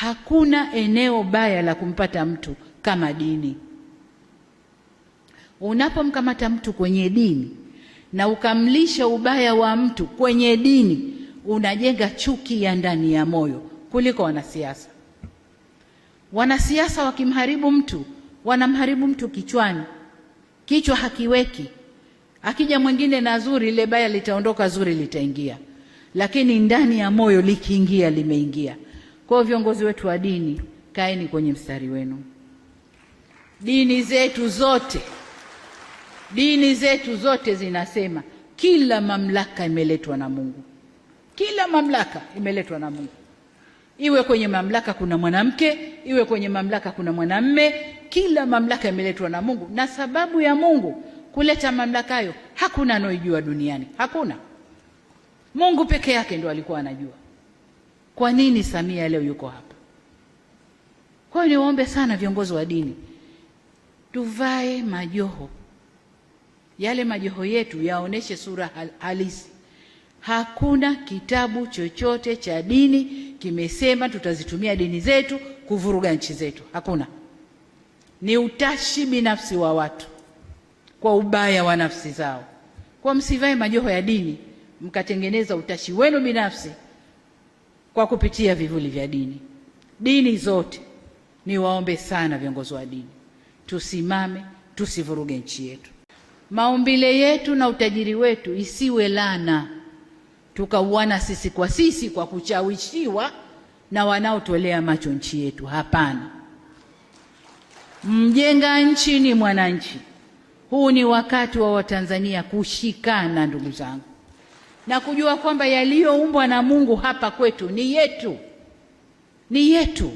Hakuna eneo baya la kumpata mtu kama dini. Unapomkamata mtu kwenye dini na ukamlisha ubaya wa mtu kwenye dini, unajenga chuki ya ndani ya moyo kuliko wanasiasa. Wanasiasa wakimharibu mtu, wanamharibu mtu kichwani, kichwa hakiweki. Akija mwingine na zuri, ile baya litaondoka, zuri litaingia, lakini ndani ya moyo likiingia, limeingia. Kwa viongozi wetu wa dini, kaeni kwenye mstari wenu. Dini zetu zote, dini zetu zote zinasema kila mamlaka imeletwa na Mungu, kila mamlaka imeletwa na Mungu. Iwe kwenye mamlaka kuna mwanamke, iwe kwenye mamlaka kuna mwanamme, kila mamlaka imeletwa na Mungu, na sababu ya Mungu kuleta mamlaka hayo hakuna anaijua duniani, hakuna. Mungu peke yake ndo alikuwa anajua. Kwa nini Samia leo yuko hapa? Kwa hiyo niwaombe sana viongozi wa dini, tuvae majoho yale, majoho yetu yaoneshe sura halisi. Hakuna kitabu chochote cha dini kimesema tutazitumia dini zetu kuvuruga nchi zetu, hakuna. Ni utashi binafsi wa watu kwa ubaya wa nafsi zao. Kwa msivae majoho ya dini mkatengeneza utashi wenu binafsi kwa kupitia vivuli vya dini. Dini zote ni waombe sana viongozi wa dini, tusimame, tusivuruge nchi yetu. Maumbile yetu na utajiri wetu isiwe lana, tukauana sisi kwa sisi kwa kuchawishiwa na wanaotolea macho nchi yetu. Hapana, mjenga nchi ni mwananchi. Huu ni wakati wa Watanzania kushikana, ndugu zangu na kujua kwamba yaliyoumbwa na Mungu hapa kwetu ni yetu, ni yetu,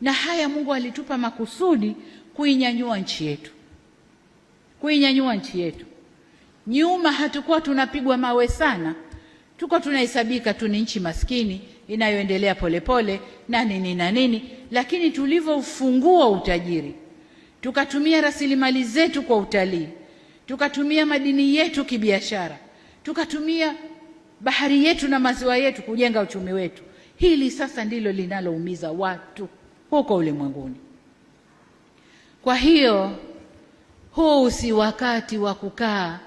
na haya Mungu alitupa makusudi kuinyanyua nchi yetu, kuinyanyua nchi yetu. Nyuma hatukuwa tunapigwa mawe sana, tuko tunahesabika tu ni nchi maskini inayoendelea polepole na nini na nini, lakini tulivyofungua utajiri tukatumia rasilimali zetu kwa utalii, tukatumia madini yetu kibiashara tukatumia bahari yetu na maziwa yetu kujenga uchumi wetu. Hili sasa ndilo linaloumiza watu huko ulimwenguni. Kwa hiyo huu si wakati wa kukaa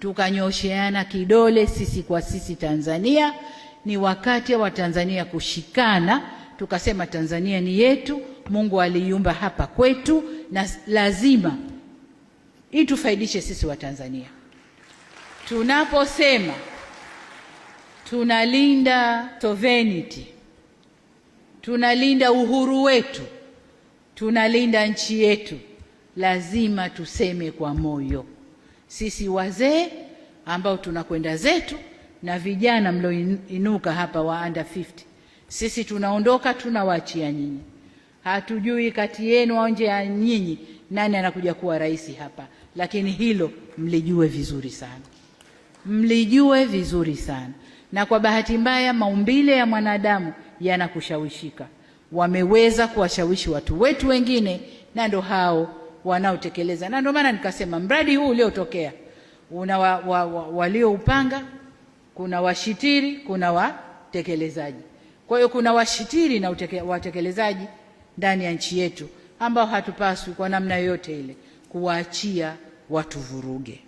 tukanyosheana kidole sisi kwa sisi Tanzania. Ni wakati wa Tanzania kushikana, tukasema Tanzania ni yetu, Mungu aliiumba hapa kwetu na lazima itufaidishe sisi wa tanzania Tunaposema tunalinda sovereignty, tunalinda uhuru wetu, tunalinda nchi yetu, lazima tuseme kwa moyo, sisi wazee ambao tunakwenda zetu na vijana mlioinuka hapa wa under 50 sisi tunaondoka, tunawaachia nyinyi. Hatujui kati yenu au nje ya nyinyi nani anakuja kuwa rais hapa, lakini hilo mlijue vizuri sana mlijue vizuri sana. Na kwa bahati mbaya, maumbile ya mwanadamu yanakushawishika. Wameweza kuwashawishi watu wetu wengine, na ndo hao wanaotekeleza. Na ndo maana nikasema mradi huu uliotokea una wa, wa, wa, walioupanga, kuna washitiri, kuna watekelezaji. Kwa hiyo kuna washitiri na uteke, watekelezaji ndani ya nchi yetu ambao hatupaswi kwa namna yoyote ile kuwaachia watu vuruge.